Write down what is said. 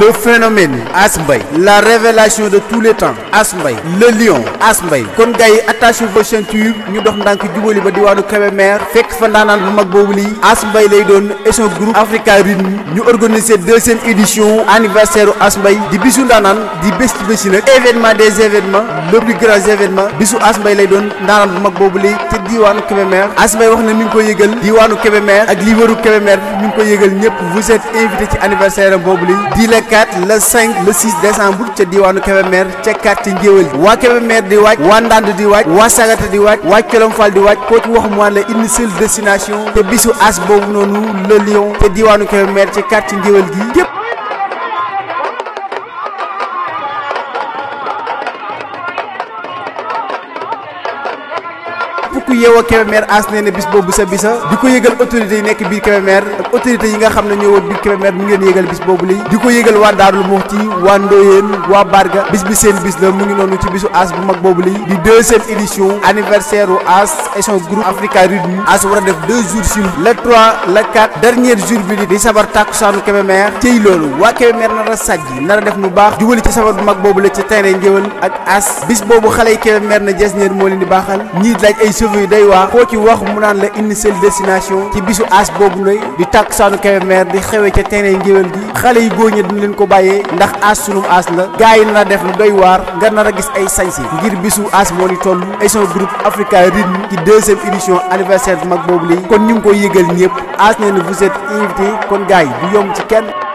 Le phénomène Asmbay, la révélation de tous les temps Asmbay, le lion Asmbay. kon gars attachez vos ceintures ñu dox ndànk jubali ba diwaanu Kébémer fekk fa ndaanaan bu mag boobu lii lay doon et son groupe Africa Rythme ñu organiser deuxième édition anniversaire Asmbay. di bisu ndaanaan di best ci événement des événements le plus grand événement bisu Asmbay lay doon le bu mag boobu lii te diwaanu Asmbay vous wax na mi ngi ko yëgal diwaanu Kébémer ak lii wëru Kébémer mi ko vous êtes invité ci anniversaire boobu le 4 le 5 le 6 décembre ca diwaanu Kébémer ca quartier Njéwél waa Kébémer di waaj waa Ndande di waaj waa Sagata di waaj waa Colom Fall di waaj koo ci wax mu la une seule destination te bisu as boobu noonu le lion ca diwaanu Kébémer ca quartier Njéwél gi yépp képp ku yeewoo Kébémer aas bis boobu sa bisa di ko yëgal autorités yi nekk biir Kébémer ak autorités bis boobu a def a a xale yi Kébémer na jes ñeer moo leen di baaxal ñii laaj ay interview day waar koo ci wax mu naan la indi seen destination ci bisu as boobu noy di tàkk saanu Kébémer di xewee ca terrain ngéwél gi xale yi góor ñi dañ leen ko bàyyee ndax as sunum as la gars na def lu doy waar nga nar a gis ay sañse ngir bisu as moo ni toll émission groupe Africa Rythme ci deuxième édition anniversaire mag boobu lii kon ñu ngi ko yëgal ñëpp as nee na vous êtes kon gars du yomb ci kenn